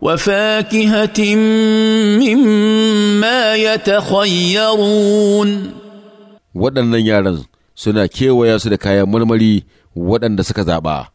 وفاكهه مما يتخيرون waɗannan yaran suna kewaya su da kayan marmari waɗanda suka zaɓa.